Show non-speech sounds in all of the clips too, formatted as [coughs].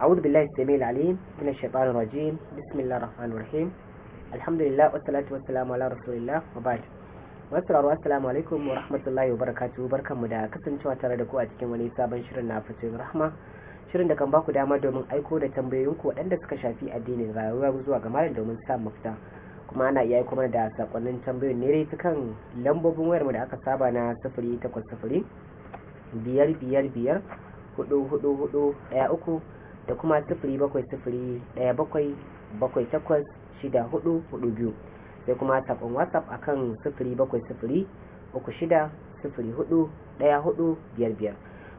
أعوذ بالله السميع العليم من الشيطان الرجيم بسم الله الرحمن الرحيم الحمد لله والصلاة والسلام على رسول الله وبعد assalamu alaikum wa rahmatullahi wa barakatuhu da kasancewa tare da ku a cikin wani sabon shirin na fatoyin rahma shirin da kan baku dama domin aiko da ku waɗanda suka shafi addinin rayuwa zuwa ga malam domin samun mafita kuma ana iya aiko da sakonnin tambayoyin ne dai kan lambobin wayar mu da aka saba na sifiri biyar biyar biyar hudu hudu hudu ɗaya uku da kuma sifili bakwai sifili ɗaya bakwai bakwai takwas shida hudu hudu biyu sai kuma saƙon whatsapp akan sifili bakwai sifili uku shida sifili hudu daya hudu biyar biyar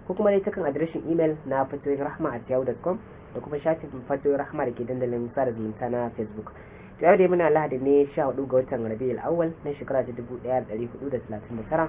ko kuma dai takan adireshin imel na fatoyin rahma a yahoo.com da kuma shafin fatoyin rahma da ke dandalin sada zumunta na facebook to yau yi muna lahadi ne 14 ga watan rabiul awal na shekara ta 1439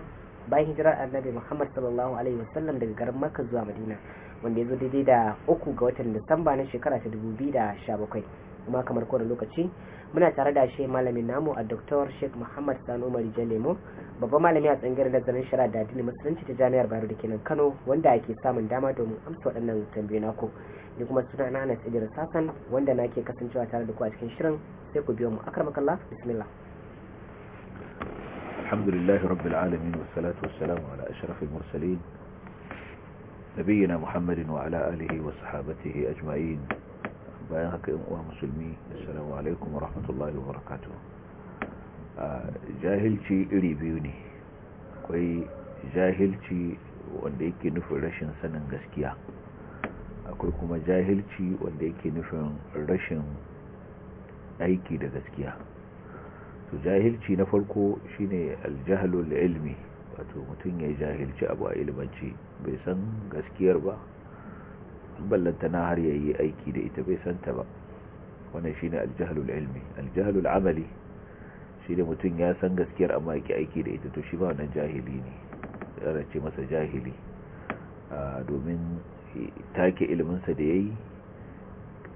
bayan hijirar annabi muhammad sallallahu alaihi wasallam daga garin makka zuwa madina wanda ya zo daidai da uku ga watan disamba na shekara ta dubu biyu da sha bakwai kuma kamar kowane lokaci muna tare da shi malamin namu a doktor sheikh muhammad sanu umar jalemo babban malami a tsangiyar nazarin shara da addini musulunci ta jami'ar bayero da kenan kano wanda ake samun dama domin amsa waɗannan tambayoyi naku ni kuma suna na anas idris wanda wanda ke kasancewa tare da ku a cikin shirin sai ku biyo mu makalla bismillah الحمد لله رب العالمين والصلاة والسلام على أشرف المرسلين نبينا محمد وعلى آله وصحابته أجمعين بيانك أموة مسلمي السلام عليكم ورحمة الله وبركاته jahilci iri biyu ne akwai jahilci wanda yake nufin rashin sanin gaskiya akwai kuma jahilci wanda yake nufin rashin aiki da gaskiya wato jahilci na farko shine aljahlul ilmi wato mutum ya jahilci abu a ilmanci bai san gaskiyar ba ballanta na har yayi aiki da ita bai santa ba wannan shine aljahlul ilmi aljahlul amali shine mutum ya san gaskiyar amma yake aiki da ita to shi ba wannan jahili ne ya race masa jahili ah, domin take ilminsa da yayi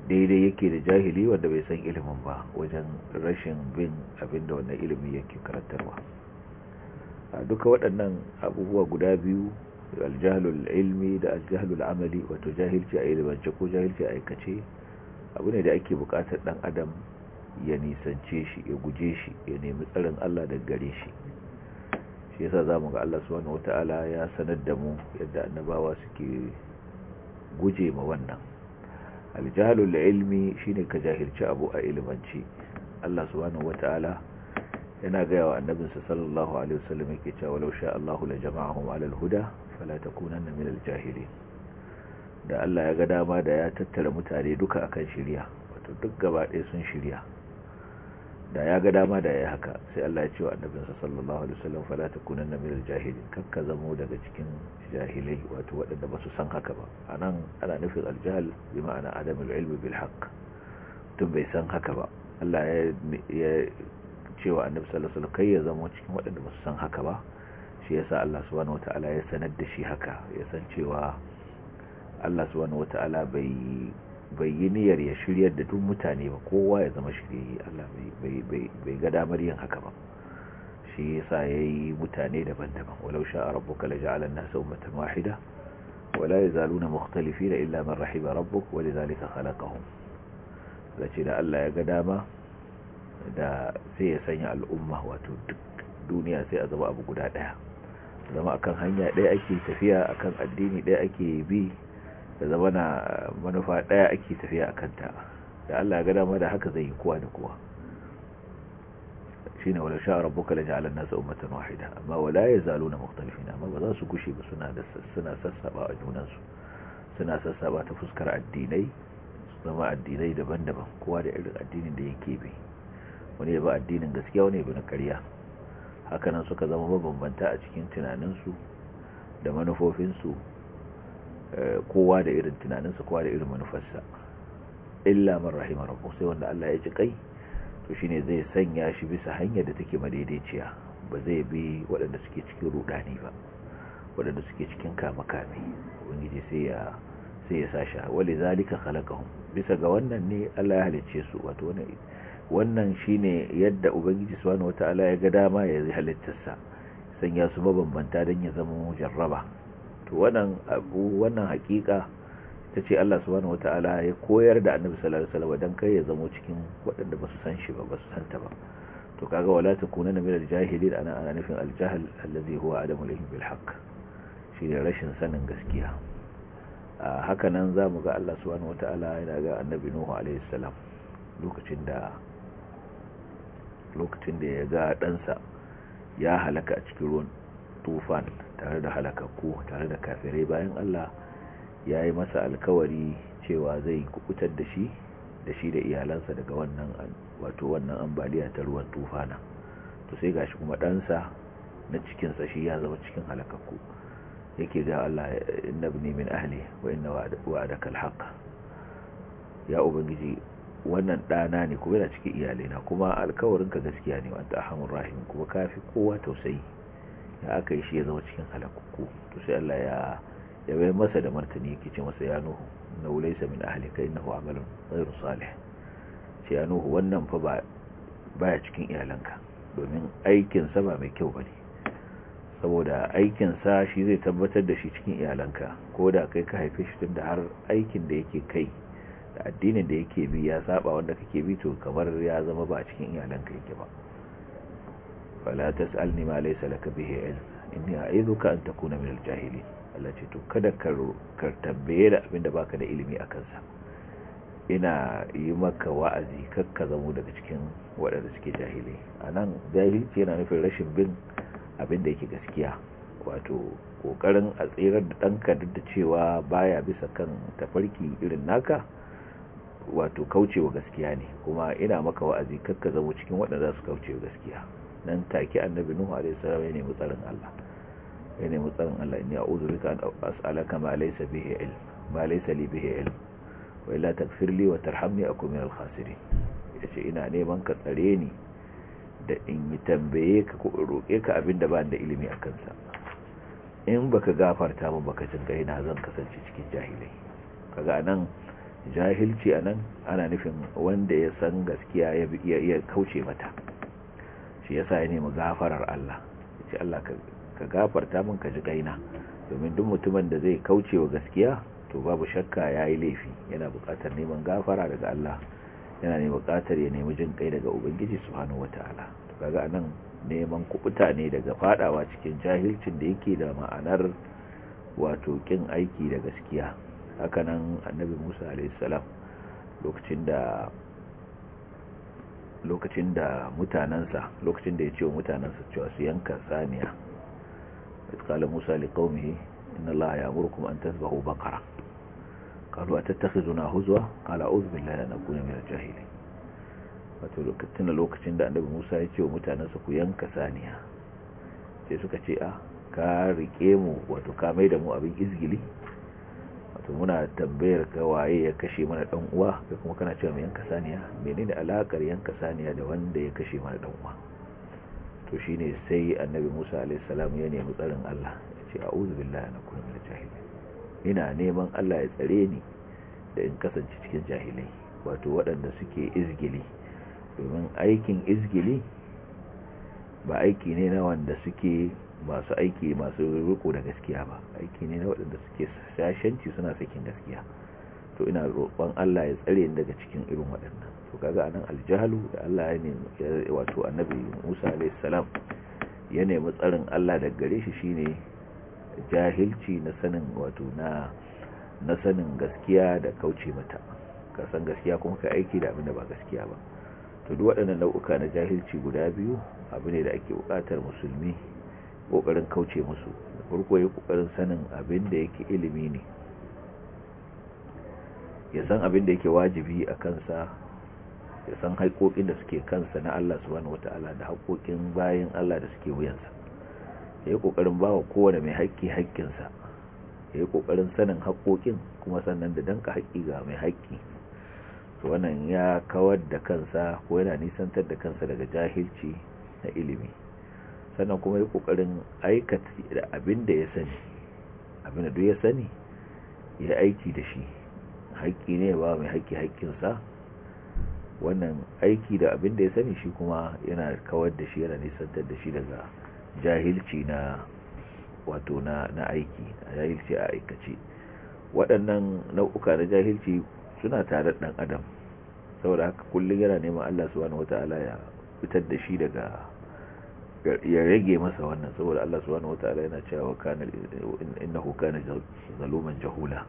daidai yake da jahili wanda bai san ilimin ba wajen rashin bin abinda wannan ilimi yake karantarwa duka waɗannan abubuwa guda biyu aljahalul ilmi da aljahalul amali wato jahilci a ilimance ko jahilci a aikace abu ne da ake buƙatar ɗan adam ya nisance shi ya guje shi ya nemi tsarin Allah da gare shi shi yasa mu ga Allah su wata ala ya sanar da mu yadda annabawa suke guje ma wannan da ilmi shine ka jahilci abu a ilmanci Allah subhanahu wataala yana gaya wa annabinsa sallallahu alaihi wasallam yake cewa walau sha Allahu la jama'ahum ala alhuda fala takunanna min aljahilin da Allah ya ga dama da ya tattara mutane duka akan shiriya, wato duk gaba ɗaya sun shiriya, da ya ga dama da ya haka sai Allah ya ce wa annabinsa sallallahu alaihi wasallam fala takunanna min aljahilin kakka zamo daga cikin jahilai wato waɗanda ba su san haka ba a ana nufin aljihal bi ma'ana adamin ilmi bil haq tun bai san haka ba Allah ya cewa annabi sallallahu alaihi kai ya zama cikin waɗanda ba su san haka ba shi yasa Allah subhanahu wata'ala ya sanar da shi haka ya san cewa Allah subhanahu wata'ala bai bai yi niyyar ya shiryar da duk mutane ba kowa ya zama shirye Allah bai ga damar yin haka ba shi yasa yayi mutane daban-daban walau sha'a rabbuka laja'alan nasa ummatan wahida ولا يزالون مختلفين إلا من رحم ربك ولذلك خلقهم لكن ألا يقدام da allah dama sai ya sanya al'umma wato duniya sai a zama abu guda daya zama akan hanya daya ake tafiya akan addini daya ake bi da zama na manufa daya ake tafiya akan ta da Allah ya ga dama da haka zai yi kowa da kowa wahida amma wala yazaluna mukhtalifina amma ba za su kushe ba suna da suna sassaba a su, su suna sassaba ta fuskar addinai zama addinai daban-daban kowa da irin addinin da yake bi wani ya ba addinin gaskiya wani ba na karya hakanan suka zama mabambanta a cikin tunaninsu da manufofinsu eh, kowa da irin tunaninsu kowa da irin manufarsa illa man rahima rabbuka sai wanda Allah ya ji kai to shine zai sanya shi bisa hanyar da take madaidaiciya ba zai bi waɗanda suke cikin rudani ba waɗanda suke cikin kame-kame ubangiji sai ya sai ya sasha wale zalika khalaqahum bisa ga wannan ne Allah ya halicce su wato wannan wannan shine yadda ubangiji subhanahu wataala ya ga dama ya halitta sa sanya su mabambanta don ya zama jarraba to wannan abu wannan hakika ta ce Allah subhanahu ala ya koyar da annabi sallallahu alaihi wasallam dan kai ya zamo cikin waɗanda ba su san shi ba ba su santa ba to kaga wala kuna na al-jahilin ana ana nufin al allazi huwa adamu al bil shi ne rashin sanin gaskiya a haka nan za mu ga Allah subhanahu wata'ala yana ga annabi Nuhu alaihi salam lokacin da lokacin da ya ga ɗansa ya halaka a cikin ruwan tufan tare da halakakku tare da kafirai bayan Allah ya yi masa alkawari cewa zai kubutar da shi da shi da iyalansa daga wannan wato wannan ambaliya ta ruwan tufana to sai gashi kuma ɗansa na cikinsa shi ya zama cikin halakakku yake ga Allah inna bi min ahli wa inna wa'adaka alhaq ya ubangiji wannan ɗana ne kuma yana cikin na kuma alkawarin ka gaskiya ne wanda ahamur rahim kuma kafi kowa tausayi ya aka yi shi ya zama cikin halakku to sai Allah ya ya bai masa da martani yake ce masa ya nuhu na wulai min ahalika hu amalin tsayin salih ce ya nuhu wannan fa ba ya cikin iyalanka domin aikinsa ba mai kyau ba ne saboda aikinsa shi zai tabbatar da shi cikin iyalanka ko da kai ka haife shi da har aikin da yake kai da addinin da yake bi ya saba wanda kake bi to kamar ya zama ba cikin iyalanka yake ba fala tas'alni ma laysa laka bihi ilm inni a'idhuka an takuna min al-jahilin Allah ce to kada ka tambaye da abin da baka da ilimi a kansa ina yi maka wa'azi kakka zamo daga cikin waɗanda suke jahili a nan jahilci yana nufin rashin bin abin yake gaskiya wato ƙoƙarin a tsirar da ɗanka duk da cewa baya bisa kan tafarki irin naka wato kaucewa gaskiya ne kuma ina maka wa'azi kakka zamo cikin waɗanda za su kaucewa gaskiya nan take annabi nuhu alaihi salam ya nemi tsarin Allah ya nemi tsarin Allah a uzu bika an as'alaka ma laysa bihi ilm ma laisa li bihe ilm wa illa taghfir li wa tarhamni ya yace ina neman ka tsare ni da in yi tambaye ka ko roƙe ka da ba da ilimi a kansa in baka gafarta ba baka cin kai na zan kasance cikin jahilai kaga anan jahilci anan ana nufin wanda ya san gaskiya ya kauce mata shi yasa ya nemi gafarar Allah yace Allah ka ka gafarta min ka ji kaina domin duk mutumin da zai kauce wa gaskiya to babu shakka ya yi laifi yana bukatar neman gafara daga Allah yana ne buƙatar ya nemi jin kai daga ubangiji subhanahu wataala to kaga anan neman kubuta ne daga fadawa cikin jahilcin da yake da ma'anar wato kin aiki da gaskiya hakanan annabi Musa alayhi salam lokacin da lokacin da mutanansa lokacin da ya ce wa mutanansa cewa su yanka saniya إذ قال موسى لقومه إن الله يأمركم أن تذبحوا بقرة قالوا أتتخذنا هزوة قال أعوذ بالله أن أكون من الجاهلين wato lokacin da lokacin da annabi Musa ya ce wa mutanensa ku yanka saniya sai suka ce a ka rike mu wato ka mai da mu abin izgili wato muna tambayar ka waye ya kashe mana dan uwa kai kuma kana cewa mu yanka saniya menene alakar yanka saniya da wanda ya kashe mana dan uwa to shine sai annabi Musa alaihi salam ya nemi tsarin Allah ya ce a'udhu billahi na kuna jahilin ina neman Allah ya tsare ni da in kasance cikin jahilai wato waɗanda suke izgili domin aikin izgili ba aiki ne na wanda suke masu aiki masu riko da gaskiya ba aiki ne na waɗanda suke sashenci suna sakin gaskiya to ina roƙon Allah ya tsare ni daga cikin irin waɗannan to kaga anan aljahlu da Allah ya ne wato annabi Musa alayhi salam ya ne matsarin Allah daga gare shi shine jahilci na sanin wato na na sanin gaskiya da kauce mata ka san gaskiya kuma ka aiki da abinda ba gaskiya ba to duk waɗannan nau'uka na jahilci guda biyu abu ne da ake buƙatar musulmi ƙoƙarin kauce musu farko ya ƙoƙarin sanin abin da yake ilimi ne ya san abin da yake wajibi a kansa ya san haƙoƙin da suke kansa na Allah subhanahu wataala da haƙoƙin bayan Allah da suke wuyansa ya yi ƙoƙarin ba wa kowane mai haƙƙi haƙƙinsa ya yi ƙoƙarin sanin haƙoƙin kuma sannan da danka haƙƙi ga mai haƙƙi to wannan ya kawar da kansa ko yana nisantar da kansa daga jahilci na ilimi sannan kuma ya ƙoƙarin aikata da abin da ya sani abin da duk ya sani ya aiki da shi haƙƙi ne ba mai haƙƙi haƙƙinsa wannan aiki da abin da ya sani shi kuma yana kawar da shi yana nisantar da shi daga jahilci na wato na na aiki jahilci a aikace waɗannan nau'uka na jahilci suna tare ɗan adam saboda haka kullum yana neman Allah wata wataala ya fitar da shi daga ya rage masa wannan saboda Allah wata wataala yana cewa kanar kuka na zaluman jahula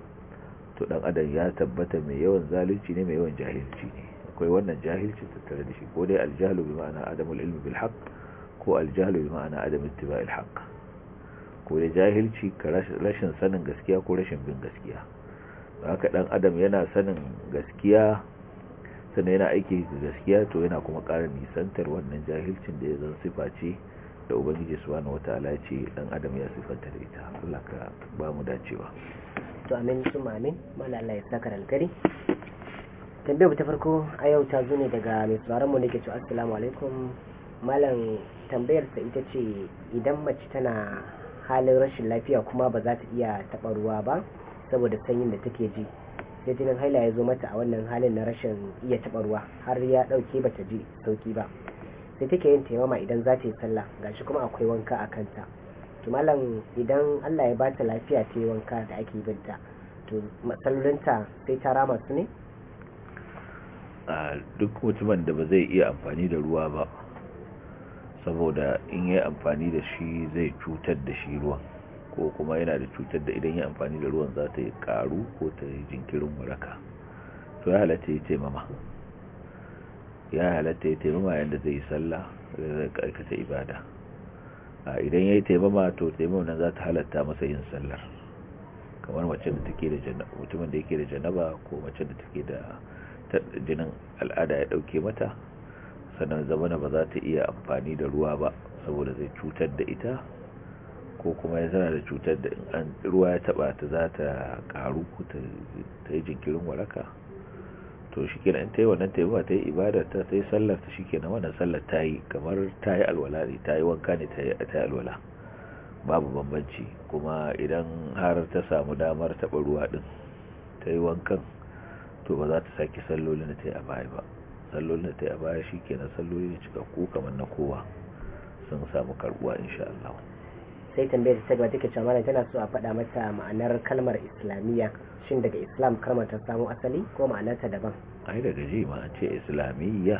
to dan adam ya tabbata mai yawan zalunci ne mai yawan jahilci ne akwai wannan jahilci tattare da shi ko dai aljahlu bi ma'ana adamul ilmi bil haqq ko aljahlu bi ma'ana adam ittiba'il haqq ko dai jahilci ka rashin sanin gaskiya ko rashin bin gaskiya haka dan adam yana sanin gaskiya sannan yana aiki da gaskiya to yana kuma ƙara nisantar wannan jahilcin da ya zan sifa ce da ubangiji subhanahu wataala ce dan adam ya sifanta da ita Allah ka ba mu dacewa to amin su mamin malala ya saka rankari tambayar ta farko a yau ta zo ne daga mai tsoron mu nake cewa assalamu alaikum malam tambayar sa ita ce idan mace tana halin rashin lafiya kuma ba za ta iya taɓa ruwa ba saboda sanyin da take ji sai jinin haila ya zo mata a wannan halin na rashin iya taɓa ruwa har ya ɗauke bata ji sauki ba sai take yin taimama idan za ta yi sallah gashi kuma akwai wanka a kanta to malam idan Allah ya bata lafiya ta yi wanka da ake binta to matsalolinta sai ta rama ne duk mutumin da ba zai iya amfani da ruwa ba saboda in yi amfani da shi zai cutar da shi ruwan ko kuma yana da cutar da idan yi amfani da ruwan za ta yi karu ko ta yi jinkirin waraka to ya halatta ya taimama ya halatta ya taimama yadda zai yi sallah zai aikata ibada idan ya yi taimama to taimama nan za ta halatta masa yin sallar kamar mace da take da mutumin da yake da janaba ko mace da take da jinin al'ada ya dauke mata sannan zamana ba za ta iya amfani da ruwa ba saboda zai cutar da ita ko kuma ya zana da cutar da ruwa ya taba ta za ta karu ta yi jinkirin waraka to shi kenan ta yi wannan ta ba ta yi ibada ta sallar ta shi kenan wannan sallar ta yi kamar ta yi alwala ne ta yi wanka ne ta yi alwala babu bambanci kuma idan har ta samu damar taɓa ruwa ɗin ta yi wankan to ba za ta sake sallolin da ta yi a baya ba salloli da ta yi a baya shi kenan ne cikakku kamar na kowa sun samu karbuwa insha Allah sai tambayar ta gaba take cewa tana so a faɗa mata ma'anar kalmar islamiyya shin daga islam kalmar ta samu asali ko ma'anarta daban ai daga ji ma ce islamiyya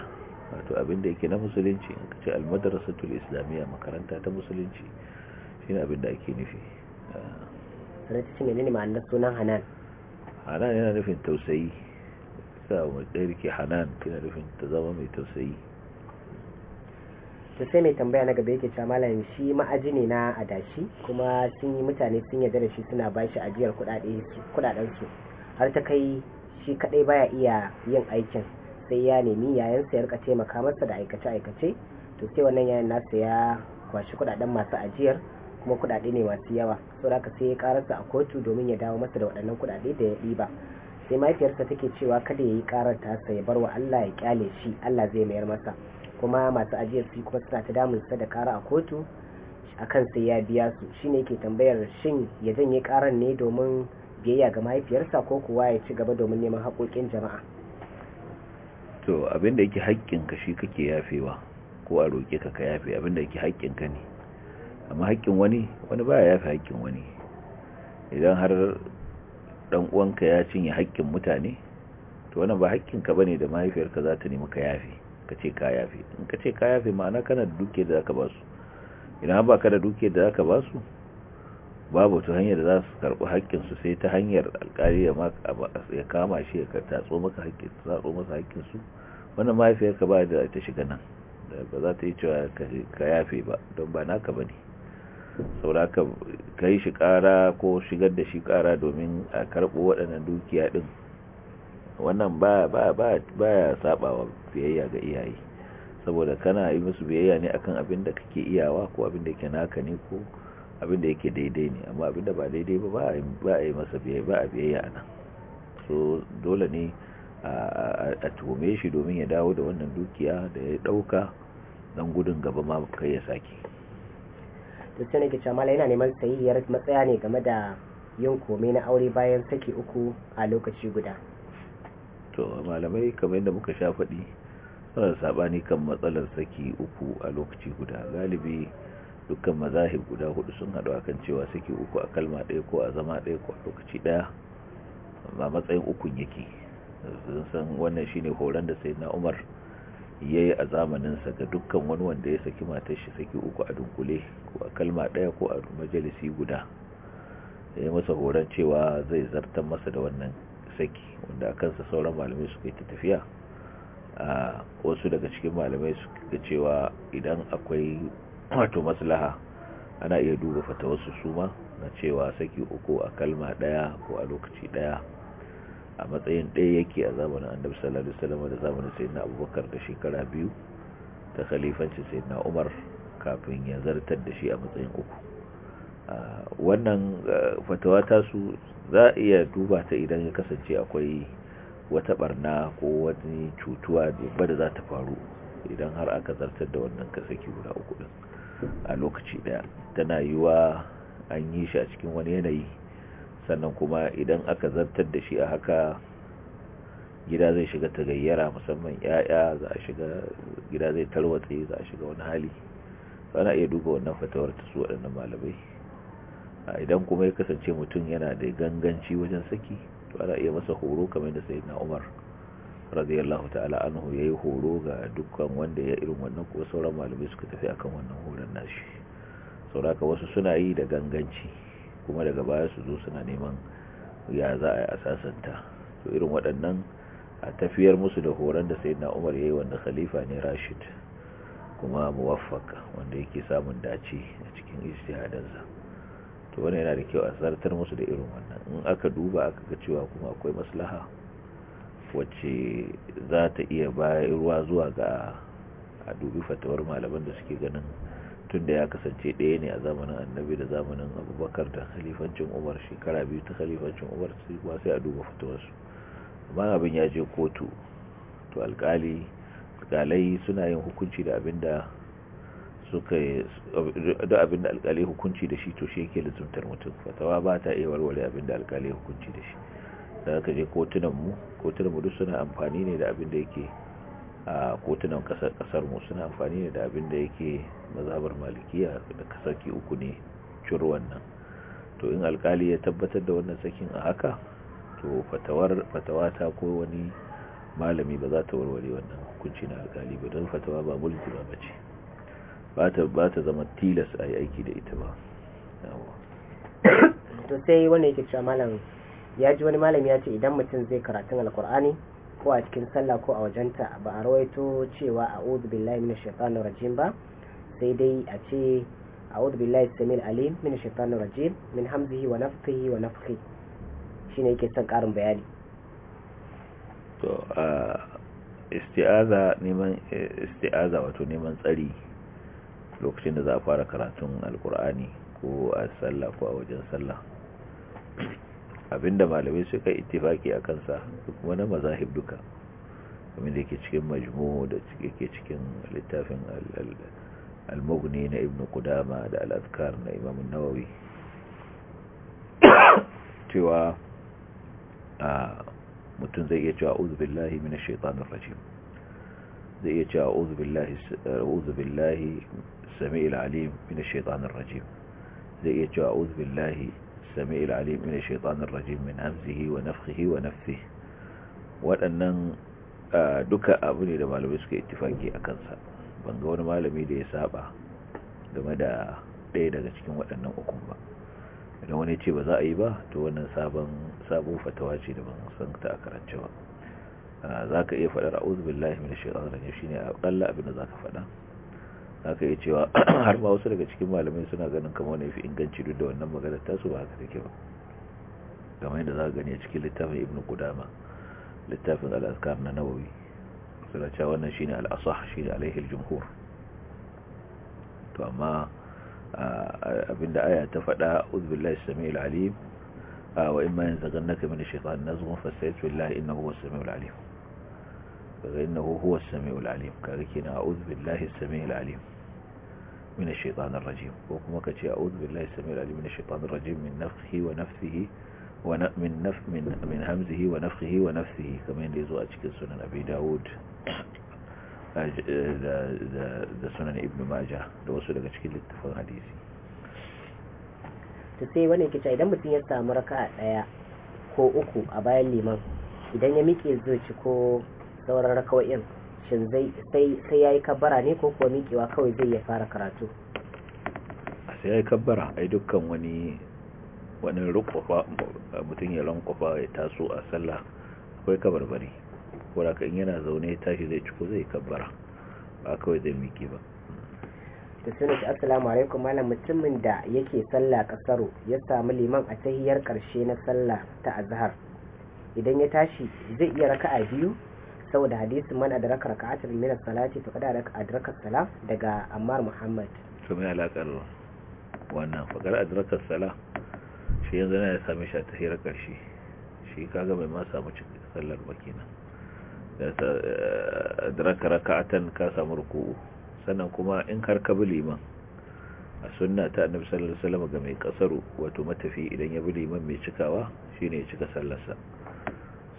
wato abin da yake na musulunci in ka ce almadrasatul islamiyya makaranta ta musulunci shine abin da ake nufi ah. sai ta ce menene ma'anar sunan hanan hanan yana nufin tausayi sa mu ke hanan yana nufin ta zama mai tausayi to sai mai tambaya na gaba yake cewa malam shi ma'aji ne na adashi kuma sun yi mutane sun yarda da shi suna ba shi ajiyar kudaden su har ta kai shi kadai baya iya yin aikin sai ya nemi sa ya rika taimaka masa da aikace aikace to sai wannan yayan nasa ya kwashi kudaden masu ajiyar kuma kudade ne masu yawa so da sai ya karasa a kotu domin ya dawo masa da waɗannan kudade da ya ɗiba sai mahaifiyarsa take cewa kada ya yi karar tasa ya bar wa Allah ya kyale shi Allah zai mayar masa kuma masu ajiyar su kuma suna ta damun sa da kara a kotu akan sai ya biya su shine yake tambayar shin ya janye karan ne domin biyayya ga mahaifiyarsa ko kuwa ya ci gaba domin neman haƙoƙin jama'a to abin da yake haƙƙin ka shi kake yafewa ko a roƙe ka ka yafe abin da yake haƙƙin ka ne amma haƙƙin wani wani baya yafe haƙƙin wani idan har dan uwanka ya cinye haƙƙin mutane to wannan ba haƙƙin ka bane da mahaifiyarka za ta nemi ka yafe ka ce ka yafe in ka ce ka yafe ma'ana kana da duke da zaka ba su idan ba ka da duke da zaka basu babu ta hanyar da za su karɓi haƙƙinsu sai ta hanyar alƙali ya kama shi ya tatso maka haƙƙinsu tatso masa haƙƙinsu wannan ka ba da ta shiga nan ba za ta yi cewa ka yafe ba don ba naka ba ne saura ka yi shi ƙara ko shigar da shi ƙara domin a karɓo waɗannan dukiya ɗin wannan ba ya saba baya biyayya ga iyaye saboda kana yi musu biyayya ne akan abin da kake iyawa ko abin da yake naka ne ko abin da yake daidai ne amma abin da ba daidai ba ba a yi masa biyayya ba a biyayya nan so dole ne a tuhume shi domin ya dawo da wannan dukiya da ya dauka dan gudun gaba ma kai ya sake to ce yana neman sayayyar matsaya ne game da yin kome na aure bayan saki uku a lokaci guda to malamai kamar yadda muka sha faɗi suna sabani kan matsalar saki uku a lokaci guda galibi dukkan mazahib guda hudu sun haɗu kan cewa saki uku a kalma ɗaya ko a zama ɗaya ko a lokaci ɗaya a matsayin ukun yake sun san wannan shine horon da sai na umar ya yi a zamaninsa ga dukkan wani wanda ya saki matar shi saki uku a dunkule ko a kalma ɗaya ko a majalisi guda ya yi masa horon cewa zai zartar masa da wannan saki wanda a kansa sauran malamai suka yi ta tafiya a wasu daga cikin malamai suka cewa idan akwai wato maslaha ana iya duba fata wasu suma na cewa saki uku a kalma daya ko a lokaci daya a matsayin ɗaya yake a zamanin annabi sallallahu alaihi wasallam da zamanin sayyidina abubakar da shekara biyu ta khalifancin sayyidina umar kafin ya zartar da shi a matsayin uku wannan eh, fatawa su za a iya duba ta idan ya kasance akwai wata barna ko wani cutuwa ba da za ta faru idan har aka zartar da wannan kasaki guda uku din a lokaci daya tana yiwa an yi shi a cikin wani yanayi sannan kuma idan aka zartar da shi a haka gida zai shiga ta gayyara musamman yaya za a shiga gida zai tarwatse za a shiga wani hali ana iya duba wannan fatawar ta su waɗannan malamai idan kuma ya kasance mutum yana da ganganci wajen saki to ana iya masa horo kamar da sayyidina Umar radiyallahu ta'ala anhu yayi horo ga dukkan wanda ya irin wannan ko sauran malamai suka tafi akan wannan horon nashi sauraka wasu suna yi da ganganci kuma daga baya su zo suna neman ya za a yi asasanta to irin waɗannan a tafiyar musu da horon da sayyidina Umar yayi wanda khalifa ne Rashid kuma muwaffaq wanda yake samun dace a cikin ijtihadansa to wannan yana da kyau a zartar musu da irin wannan in aka duba aka ga cewa kuma akwai maslaha wacce za ta iya bayarwa zuwa ga a dubi fatawar malaman da suke ganin tun da ya kasance ɗaya ne a zamanin annabi da zamanin abubakar da halifancin umar shekara biyu ta halifancin umar ba sai a duba fatawarsu amma abin ya je kotu to alkali galai suna yin hukunci da abin da suka yi abin da alkali hukunci da shi to shi yake lizuntar mutum fatawa ba ta iya warware abin da alkali hukunci da shi da aka je kotunanmu kotunanmu duk suna amfani ne da abin da yake a kotunan kasarmu suna amfani ne da abin da yake mazabar malikiya da kasar ke uku ne cur wannan to in alkali ya tabbatar da wannan sakin a haka to fatawa ta ko wani malami ba za ta warware wannan hukunci na alkali ba don fatawa ba mulki ba ce ba ta zama tilas a yi aiki da ita ba to sai wanda yake cewa malam ya ji wani malam ya ce idan mutum zai karatun alkur'ani ko a cikin sallah ko a wajenta ba a rawaito cewa a'udhu billahi minash shaitanir rajim ba sai dai a ce a'udhu billahi samil alim minash shaitanir rajim min hamzihi wa nafthihi wa nafthihi shine yake son karin bayani to a isti'aza neman eh, isti'aza wato neman tsari lokacin da za a fara karatun alkur'ani ko a sallah ko a wajen sallah abinda malamai suka ittifaki a kansa duk wani mazahib duka kamar da ke cikin majmu da ke cikin littafin al-mughni na ibn qudama da al-azkar na imam an-nawawi cewa a mutum zai iya cewa uzu billahi minash shaitanir rajim zai iya cewa uzu billahi uzu billahi السميع العليم من الشيطان الرجيم زي يتجوى أعوذ بالله السميع العليم من الشيطان الرجيم من همزه ونفخه ونفثه waɗannan duka abu ne da malamai suka ittifaki a kansa ban ga wani malami da ya saba game da ɗaya daga cikin waɗannan ukun ba idan wani ce ba za a yi ba to wannan sabon sabon fatawa ce da ban san ta a karance ba za ka iya faɗar a billahi minash shaitanir rajim shine a ƙalla abin da za ka faɗa haka ya cewa [clears throat] har ma wasu daga cikin malamai suna ganin kamar wani fi inganci duk da wannan maganar tasu ba haka take ba kamar yadda za a gani a cikin littafin ibn kudama littafin al'askar na nawawi suna cewa wannan shine al'asah shine alaihi aljumhur to amma abinda aya ta faɗa uzbillah sami al'alim wa imma yanzaghannaka min shekaru na zuwa fasta'id billahi innahu huwas samiul al'alim kaga innahu huwa as-sami'ul alim kaga na a'udhu billahi as-sami'il alim min rajim ko kuma kace a'udhu billahi as-sami'il alim min rajim min nafthihi wa nafthihi min naf hamzihi wa nafthihi wa nafthihi kamar yadda yazo a cikin sunan abi daud da sunan ibn maja da wasu daga cikin littafin hadisi ta sai wani kica idan mutum ya samu raka a daya ko uku a bayan liman idan ya miƙe zuci ko sauran rakawa'in shin sai ya yi kabbara ne ko kuwa miƙewa kawai zai ya fara karatu a sai ya yi kabbara ai dukkan wani wani rukwafa mutum ya lankwafa ya taso a sallah akwai kabarbari wadda kan yana zaune tashi zai ciko zai kabbara ba kawai zai miƙe ba da suna ta assalamu alaikum malam mutumin da yake sallah kasaro ya samu liman a tahiyar karshe na sallah ta azhar idan ya tashi zai iya raka'a biyu saboda hadisi man adraka raka'atan min as-salati faqad adraka as-salah daga Ammar Muhammad to me alakar wannan faqad adraka as-salah shi yanzu ne ya same shi a tahira karshe shi kaga bai ma samu cikin sallar bakina da eh, adraka raka'atan ka samu ruku'u sannan kuma in kar ka bi liman a sunna ta annabi sallallahu alaihi wasallam ga mai kasaru wato matafi idan ya bi liman mai cikawa shine ya cika sallarsa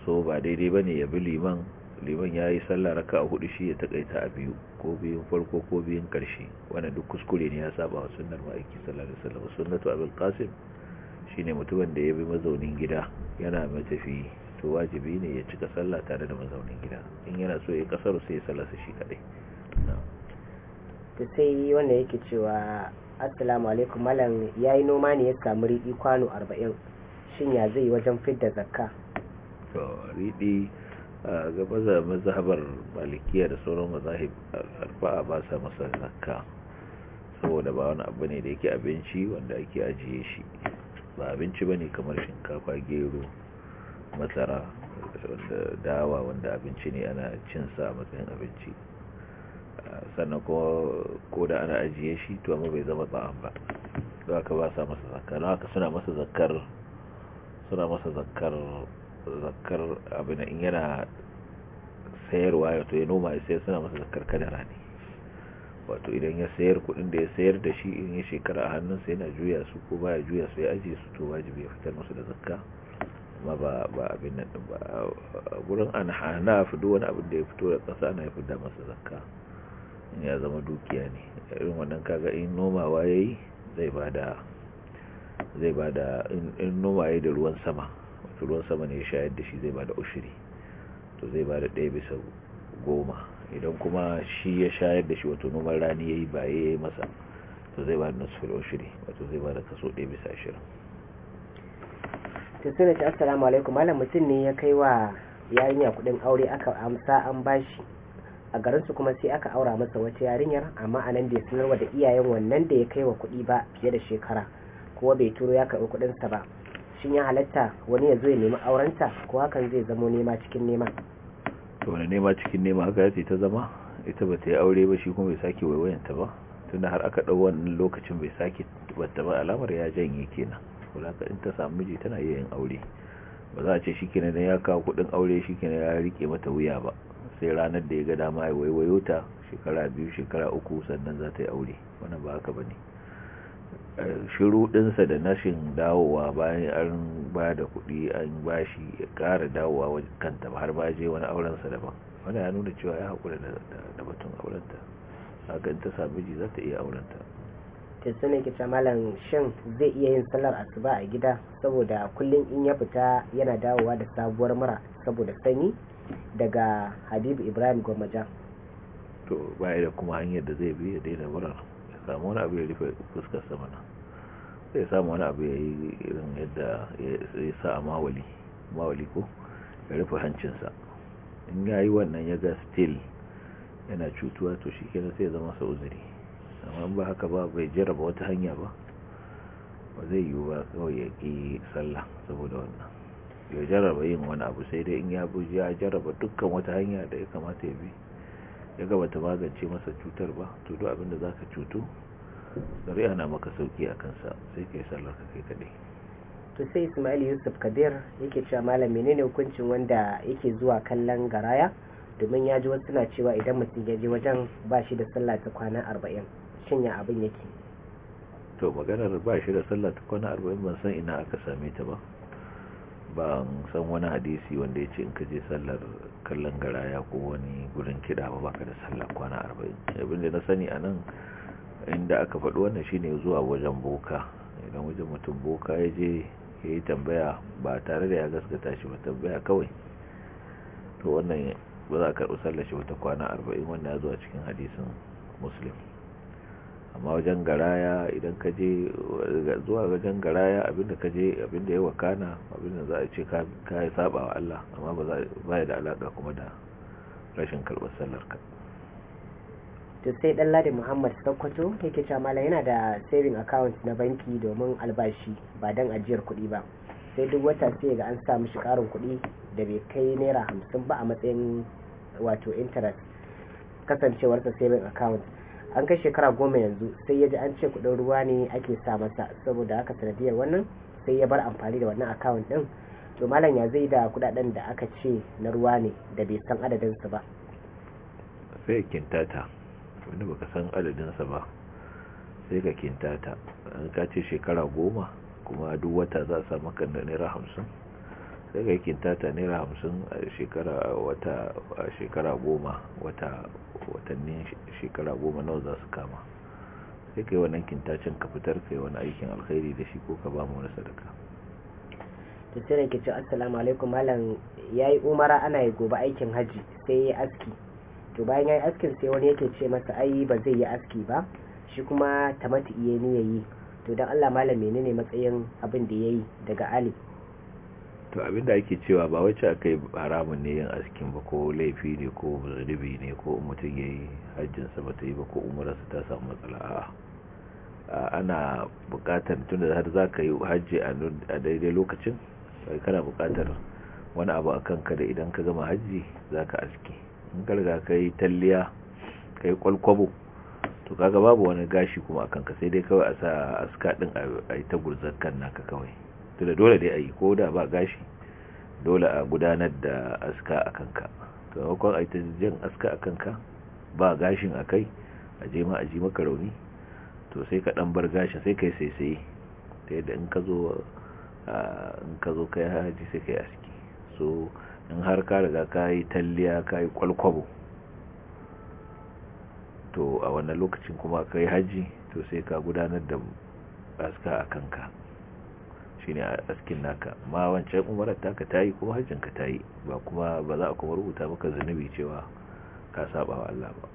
so ba daidai bane ya bi liman liman ya yi sallah raka a hudu shi ya takaita a biyu ko biyun farko ko biyun karshe wanda duk kuskure ne ya saba wa sunnar ma'aiki sallallahu alaihi wasallam sunnatu abul qasim shine mutumin da ya bi mazaunin gida yana matafi to wajibi ne ya cika sallah tare da mazaunin gida in yana so ya kasar sai ya sallarsa shi kadai to sai wanda yake cewa assalamu alaikum malam yayi noma ne ya samu riɗi kwano 40 shin ya zai wajen fidda zakka to riɗi ga mazhabar malikiya da sauran mazahib arba'a ba sa masa zakka saboda ba wani abu ne da yake abinci wanda ake ajiye shi ba abinci bane kamar shinkafa gero masara dawa wanda abinci ne ana cin sa a matsayin abinci sannan kuma ko da ana ajiye shi to amma bai zama tsa'an ba za ka ba sa masa zakka na haka suna masa zakkar suna masa zakkar zakar abin in yana sayarwa ya to ya noma ya sayar suna masa zakar kadara ne wato idan ya sayar kudin da ya sayar da shi in yi shekara a hannunsa yana juya su ko baya juya su ya ajiye su to wajibi ya fitar musu da zakka amma ba abin nan ba gurin an hana duk wani abin da ya fito da ƙasa ana ya da masa zakka in ya zama dukiya ne irin wannan kaga in nomawa yayi zai bada zai da in noma yayi da ruwan sama ruwan sama ne ya shayar da shi zai ba da ushiri to zai ba da ɗaya bisa goma idan kuma shi ya shayar da shi wato numar rani ya yi ba ya yi masa to zai ba da nasufin ushiri wato zai ba da kaso ɗaya bisa ashirin to suna shi assalamu alaikum malam mutum ne ya kai wa yarinya kuɗin aure aka amsa an bashi a garinsu kuma sai aka aura masa wata yarinyar amma anan bai sanarwa da iyayen wannan da ya kai wa kuɗi ba fiye da shekara kuma bai turo ya karɓi kuɗinsa ba shin ya halatta wani ya zo ya nemi aurenta ko hakan zai zamo nema cikin nema to wani nema cikin nema haka ya ta zama ita ba ta yi aure ba shi kuma bai sake waiwayanta ba tunda har aka ɗau wannan lokacin bai sake bata ba alamar ya janye kenan wadda in ta samu miji tana yin aure ba za a ce shikenan ya kawo kuɗin aure shikenan ya rike mata wuya ba sai ranar da ya ga dama ya waiwayo ta shekara biyu shekara uku sannan za ta yi aure wannan ba haka ba ne shiruɗinsa da nashin dawowa bayan an ba da kuɗi an bashi ya ƙara dawowa wajen kanta har ba je wani aurensa daban wani ya nuna cewa ya haƙura da batun aurenta haka ta sami ji za ta iya aurenta ta sani ke malam shin zai iya yin sallar asuba a gida saboda kullum in ya fita yana dawowa da sabuwar mura saboda sanyi daga habibu ibrahim gwamaja to baya da kuma hanyar da zai bi ya daina murar ya samu wani abu ya rufe fuskar sama na zai samu wani abu ya yi irin yadda ya sa a mawali mawali ko ya rufe hancinsa in ya yi wannan ya ga still yana cutuwa to shi kenan sai ya zama sa uzuri amma ba haka ba bai jarraba wata hanya ba ba zai yiwu ba kawai ya ƙi sallah saboda wannan ya jarraba yin wani abu sai dai in ya buji ya jarraba dukkan wata hanya da ya kamata ya bi ya gabata magance masa cutar ba to duk abinda za ka cutu bari ana maka sauki a kansa sai ka sallar ka kai kaɗai to sai ismail yusuf kadir yake cewa malam menene hukuncin wanda yake zuwa kallon garaya domin ya ji wasu na cewa idan mutum ya je wajen ba shi da sallah ta kwana arba'in shin ya abin yake to maganar ba shi da sallah ta kwana arba'in ban san ina aka same ta ba ban san wani hadisi wanda ya ce in ka je sallar kallon garaya ko wani gurin kiɗa ba baka da sallah kwana arba'in abin da na sani a nan inda aka faɗi wannan shine zuwa wajen boka idan wajen mutum boka ya je ya yi tambaya ba tare da ya gaskata shi ba tambaya kawai to wannan ba za a karɓi sallar shi wata kwana arba'in wannan ya zuwa cikin hadisin muslim amma wajen garaya idan ka je zuwa wajen garaya abinda ka je abinda ya wakana abinda za a ce ka yi saba wa Allah amma ba ya da alaƙa kuma da rashin karɓar sallar ka to sai dan ladi muhammad sokoto yake cewa malam yana da saving account na banki domin albashi ba dan ajiyar kuɗi ba sai duk wata sai ga an sa mishi karin kuɗi da bai kai naira hamsin ba a matsayin wato interest kasancewarsa saving account an kai shekara goma yanzu sai ya ji an ce kuɗin ruwa ne ake sa masa saboda haka sanadiyar wannan sai ya bar amfani da wannan account din to malam ya zai da kuɗaɗen da aka ce na ruwa ne da bai san adadinsu ba sai kintata wanda baka san adadinsa ba sai ka kintata an ka ce shekara goma kuma duk wata za a sa maka da naira hamsin sai ka kintata naira hamsin a shekara wata a shekara goma wata watannin shekara goma nawa za su kama sai ka yi wannan kintacin ka fitar ka yi wani aikin alkhairi da shi ko ka ba mu wani sadaka tattalin kicin ke assalamu alaikum malam ya yi umara ana yi gobe aikin haji sai ya yi aski to bayan ya yi askin sai wani yake ce masa ai ba zai yi aski ba shi kuma tamati iya ni yi to dan Allah malam menene matsayin abin da yayi daga Ali to abin da ake cewa ba wacce aka yi haramun ne yin askin ba ko laifi ne ko zunubi ne ko mutum ya yi sa ba ta yi ba ko umararsa ta samu matsala a ana buƙatar tun da har za ka yi hajji a daidai lokacin kai kana buƙatar wani abu a kanka da idan ka gama hajji za ka aski in riga kai talliya kai kwalkwabo to kaga babu wani gashi kuma akan ka sai dai kawai a sa aska din a yi gurzar kan naka kawai to da dole dai a yi ko da ba gashi dole a gudanar da aska a kanka to maimakon a yi ta jan aska a kanka ba gashin a kai a je ma a ji maka rauni to sai ka dan bar gashin sai kai sai sai ta yadda in ka zo in ka zo kai haji sai kai aski so in har ka riga ka yi talliya ka yi kwalkwabo to a wannan lokacin kuma ka yi hajji to sai ka gudanar da aska a kanka shi ne askin naka ma wancan umarar taka ta yi hajjin ka ta yi ba kuma ba za a kuma rubuta maka zunubi cewa ka saba wa Allah ba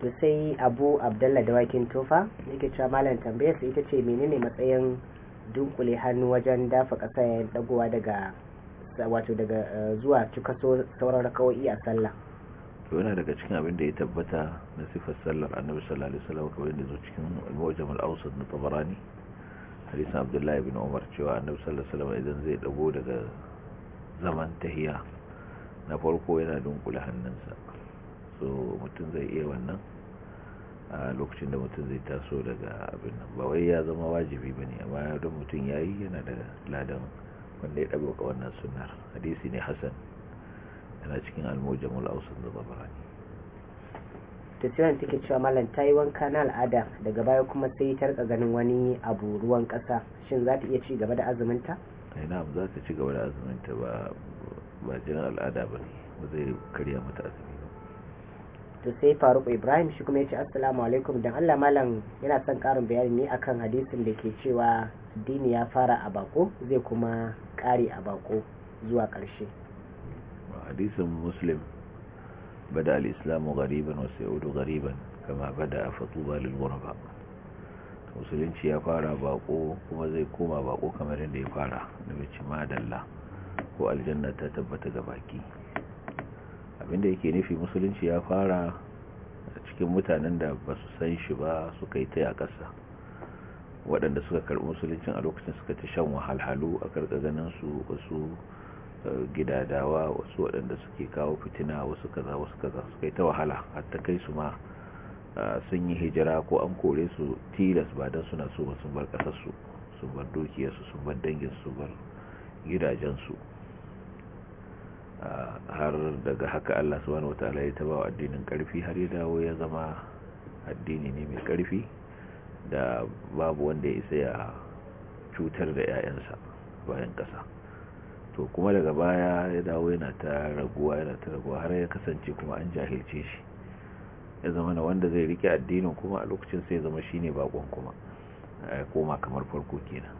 to sai abu abdalla da wakin tofa yake cewa malam tambayar su ita ce menene matsayin dunkule hannu wajen dafa kasa ya dagowa daga wato daga eh, zuwa cika sauran rakawai a sallah to yana daga cikin abin da ya tabbata na sifar sallar annabi sallallahu alaihi wasallam kamar yadda zo cikin al-mu'jam al-awsat na tabarani hadisin abdullahi ibn umar cewa annabi sallallahu alaihi wasallam idan zai dago daga zaman tahiya na farko yana dunkule hannunsa so mutum zai iya wannan a lokacin da mutum zai taso daga abin nan ba wai ya zama wajibi bane amma don mutum yayi yana da ladan wanda ya ka wannan sunar hadisi ne hasan yana cikin almujamul ausar da babarani tattiyar take cewa malam ta yi wanka na al'ada daga baya kuma sai ta rika ganin wani abu ruwan ƙasa shin za ta iya ci gaba da azuminta? ina za ta ci gaba da azuminta ba jinin al'ada ba ne ba zai karya mata azumi ba to sai faruk ibrahim shi kuma ya ce assalamu alaikum don allah malam yana son karin bayani ne akan hadisin da ke cewa addini ya fara a bako zai kuma ƙare a bako zuwa ƙarshe hadisin muslim bada al'islamu gariban wasu yaudu gariban kama bada a fatuba ba. musulunci ya fara bako kuma zai koma bako kamar yadda ya fara da mace madalla ko aljanna ta tabbata ga baki abinda yake nufi musulunci ya fara a cikin mutanen da ba su san shi ba su kai ta a ƙasa waɗanda suka karɓi musuluncin a lokacin suka ta shan wahalhalu a karkaganin su wasu eh, gidadawa wasu waɗanda suke kawo fitina wasu kaza wasu kaza su yi ta wahala hatta kai su ma eh, sun yi hijira ko an kore su tilas ba don suna so ba sun bar ƙasarsu sun bar dukiyarsu sun bar danginsu bar gidajensu eh, har daga haka Allah subhanahu wataala ya taba addinin ƙarfi har ya dawo ya zama addini ne mai ƙarfi. da babu wanda ya isa ya cutar da 'ya'yansa bayan ƙasa to kuma daga baya ya dawo yana ta raguwa yana ta raguwa har ya kasance kuma an jahilce shi ya zama na wanda zai rike addinin kuma a lokacin sai zama shi ne bakon kuma ya koma kamar farko kenan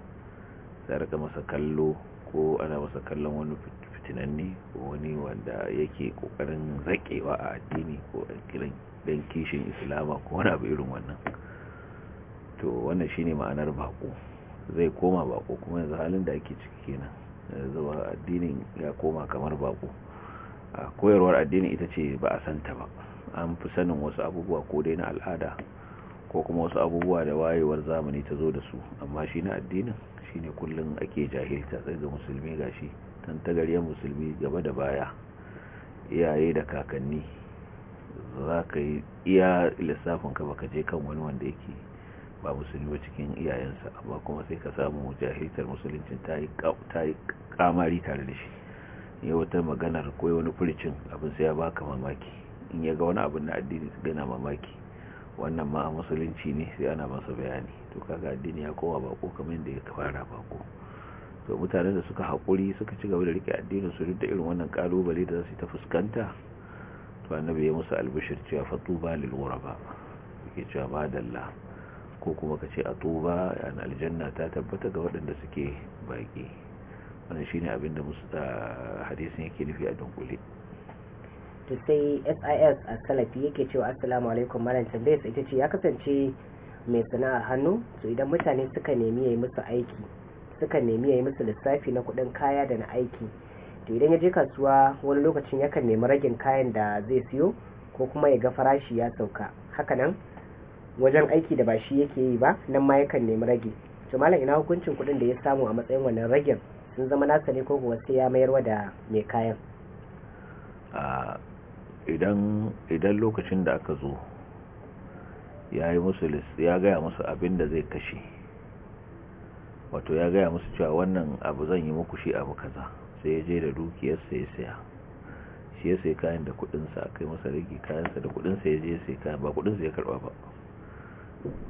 sai rika masa kallo ko ana masa kallon wani fitinanni ko wani wanda yake kokarin zakewa a addini ko kiran dan kishin islama ko wani abu irin wannan to wannan shine ma'anar bako zai koma bako kuma yanzu halin da ake ciki kenan zuwa addinin ya koma kamar bako a koyarwar addinin ita ce ba a santa ba an fi sanin wasu abubuwa ko dai na al'ada ko kuma wasu abubuwa da wayewar zamani ta zo da su amma shi na addinin shi ne kullum ake jahilta sai ga musulmi gashi tantagariyar musulmi gaba da baya iyaye da kakanni za ka yi iya lissafin ka baka je kan wani wanda yake ba musulmi cikin iyayensa amma kuma sai ka samu jahiltar musulunci ta yi kamari tare da shi ya wata maganar ko wani furcin abin sai ya baka mamaki in ya ga wani abin na addini su gana mamaki wannan ma a musulunci ne sai ana masa bayani to kaga addini ya kowa bako kamar da ya fara bako to mutanen da suka haƙuri suka ci gaba da rike addinin su duk da irin wannan kalubale da zasu ta fuskanta to annabi ya musu albishir cewa fatuba lil ghuraba yake cewa madalla ko kuma ka ce a tuba yana aljanna ta tabbata ga waɗanda suke baƙi wani shine abin da ah, hadisun yake nufi a dunkule to sai sis a salafi yake cewa assalamu alaikum malam tambayar ita ce ya kasance mai sana'ar hannu to idan mutane suka nemi ya yi musu aiki suka nemi ya yi musu lissafi na kuɗin kaya da na aiki to idan ya je kasuwa wani lokacin yakan nemi ragin kayan da zai siyo ko kuma ya ga farashi ya sauka hakanan wajen aiki da ba shi yake yi ba nan ma yakan nemi rage to malam ina hukuncin kuɗin da ya samu a matsayin wannan ragen sun zama nasa ne ko kuma sai ya mayar wa da mai kayan idan idan lokacin da aka zo ya yi musu ya gaya musu abin da zai kashe wato ya gaya musu cewa wannan abu zan yi muku shi abu kaza sai ya je da dukiyarsa ya saya shi ya sai kayan da kudinsa kai masa rigi kayansa da kudinsa ya je sai kayan ba kudinsa ya karba ba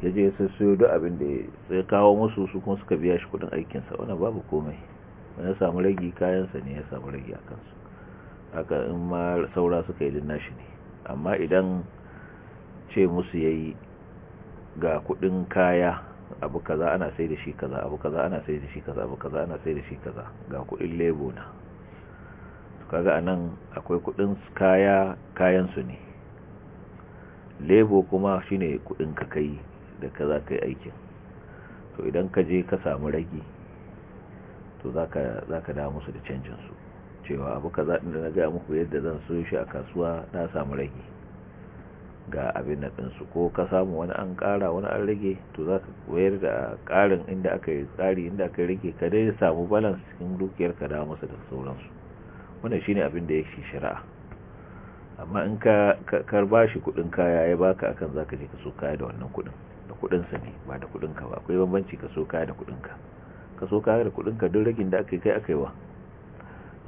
ya je sai su duk abin da sai kawo musu su kuma suka biya shi kudin aikinsa wani babu komai wani samu ragi kayansa ne ya samu ragi a kansu haka in ma saura suka yi din nashi ne amma idan ce musu ya yi ga kudin kaya abu kaza ana sai da shi kaza abu kaza ana sai da shi kaza abu kaza ana sai da shi kaza ga kudin lebo na kaga anan akwai kudin kaya kayansu ne lebo kuma shine kudin ka kai da ka za ka yi aikin to idan ka je ka samu ragi to za ka da musu da canjinsu cewa abu ka zaɗin da na gaya muku yadda zan so shi a kasuwa na samu ragi ga abin na ɗinsu ko ka samu wani an ƙara wani an rage to za ka koyar da ƙarin inda aka yi tsari inda aka rage ka dai samu balance cikin dukiyar ka da musu da sauransu wannan shine abin da yake shari'a amma in ka karba shi kudin kaya ya baka akan zaka je ka so kaya da wannan kudin da kudin sa ne ba da kudin ka ba akwai bambanci ka so kaya da kudin ka ka so kaya da kudin ka duk ragin da akai kai akai wa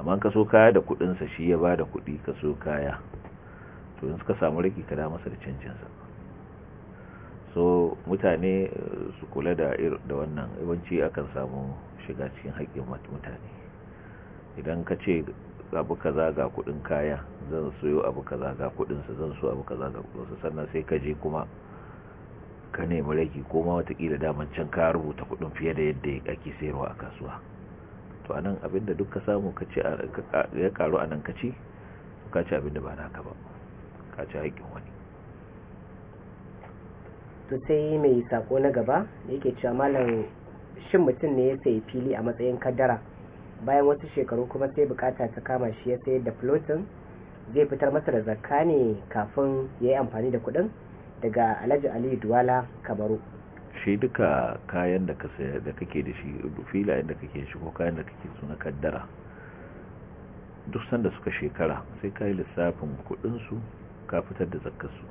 amma ka so kaya da kudin sa shi ya bada kudi ka so kaya to in suka samu ragi ka da masa da cancin sa so mutane eh, su kula da da wannan yawanci akan samu shiga cikin haƙƙin mutane idan ka ce abu kaza ga kudin kaya zan soyo abu kaza ga kudin sa zan so abu kaza ga kudin sa sannan sai ka je kuma ka nemi rage ko ma watakila daman can ka rubuta kudin fiye da yadda ake sayarwa a kasuwa to anan abinda duk ka samu ka ce ya karu anan ka ci ka ci abinda ba naka ba ka ci haƙƙin wani to sai mai sako na gaba yake cewa malam shin mutum ne ya sayi fili a matsayin kaddara bayan wata shekaru kuma sai bukata ta kama shi ya sayar da flotin zai fitar masa da zakka ne kafin ya yi amfani da kuɗin daga alhaji ali duwala kabaru shi duka kayan da ka saya da kake da shi filayen da kake shi ko kayan da kake suna kaddara duk sanda suka shekara sai ka yi lissafin kuɗinsu ka fitar da zakkarsu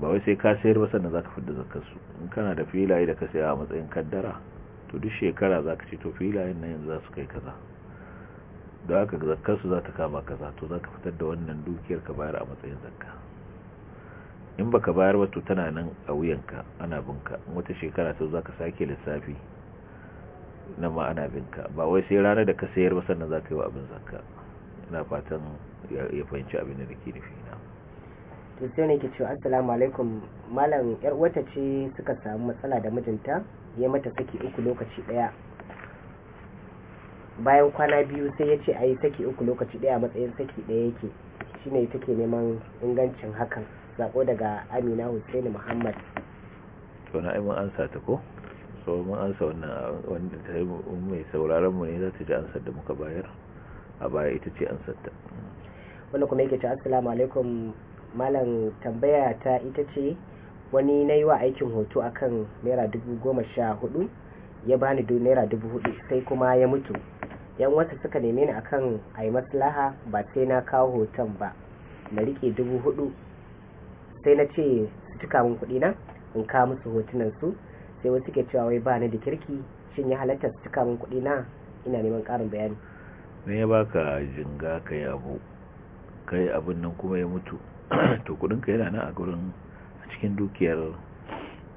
ba wai sai ka sayar ba sannan za ka fitar da su in kana da filaye da ka saya a matsayin kaddara to duk shekara za ka ce to filayen nan yanzu za su kai kaza da aka su za ta kama kaza to za ka fitar da wannan dukiyar ka bayar a matsayin zakka in baka bayar ba to tana nan a wuyanka ana binka wata shekara to za ka sake lissafi na ma ana binka ba wai sai ranar da ka sayar ba sannan za ka yi wa abin zakka ina fatan ya fahimci abin da ke nufi na to sai ne ke cewa assalamu alaikum malam yar wata ce suka samu matsala da mijinta ya mata saki uku lokaci daya bayan kwana biyu sai ya ce a yi saki uku lokaci daya matsayin saki daya yake shine take neman ingancin hakan zaɓo daga amina hussaini muhammad to na aiman ansa ta ko so mun ansa wannan wanda ta mai sauraron mu ne za ta ji ansar da muka bayar a baya ita ce ansar ta wanda kuma yake ce assalamu alaikum malam tambaya ta ita ce wani na yi wa aikin hoto akan naira dubu goma sha hudu ya bani naira dubu hudu sai kuma ya mutu yan wata suka neme ni akan a yi maslaha ba sai na kawo hoton ba na rike dubu hudu sai na ce su cika min kuɗi na in ka musu hotunan su sai wasu ke cewa wai ni da kirki shin ya halatta su cika min kuɗi na ina neman ƙarin bayani ne ya baka jinga kai abu kai abun nan kuma ya mutu [clears throat] to kuɗinka yana nan a gurin cikin dukiyar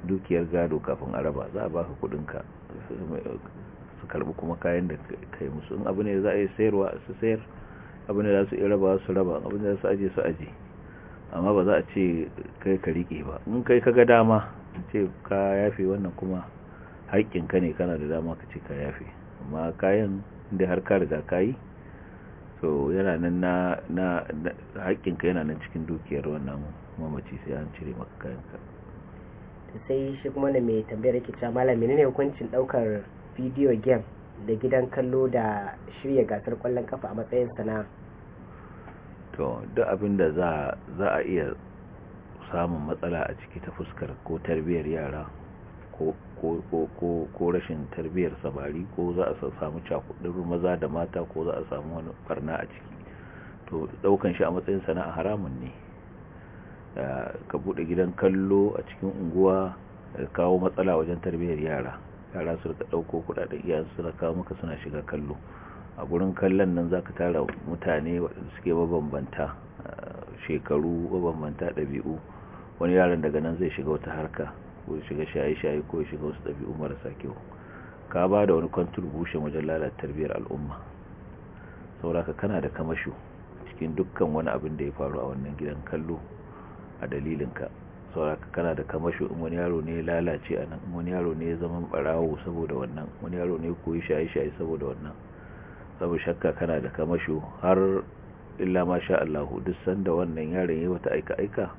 dukiyar gado kafin a raba za a baka kudinka su karbi kuma kayan da kai musu in abu ne za a yi sayarwa su sayar abu ne za su iya raba su raba abu ne za su aje su aje amma ba za a ce kai ka riƙe ba in kai ka ga dama ce ka yafe wannan kuma haƙƙinka ne kana da dama ka ce ka yafe amma kayan da har ka riga ka yi to yana nan na ka yana nan cikin dukiyar wannan kuma mace sai an cire maka kayanka ta sai shi kuma da mai tambayar yake cewa malami ne hukuncin daukar video game da gidan kallo da shirya gasar kwallon kafa a matsayin sana'a to duk abin da za a iya samun matsala a ciki ta fuskar ko tarbiyyar yara ko rashin tarbiyyar samari ko za a samu cakudin maza da mata ko za a samu wani barna a ciki to daukan shi a matsayin sana'a haramun ne ka buɗe gidan kallo a cikin unguwa ka kawo matsala wajen tarbiyyar yara yara su rika ɗauko kuɗaɗen su suna kawo maka suna shiga kallo a gurin kallon nan zaka tara mutane waɗanda suke mabambanta eh, shekaru mabambanta ɗabi'u wani yaran daga nan zai shiga wata harka ko shiga shaye-shaye ko shiga wasu ɗabi'u marasa kyau ka ba da wani contribution wajen lalata tarbiyyar al'umma saboda kana da kamasho cikin dukkan wani abin da ya faru a wannan gidan kallo a dalilinka sauraka kana da kamasho in wani yaro ne lalace a nan wani yaro ne zama barawo saboda wannan wani yaro ne koyi shaye-shaye saboda wannan sabu shakka kana da kamasho har illa ma sha Allahu duk sanda wannan yaron yayi wata aika-aika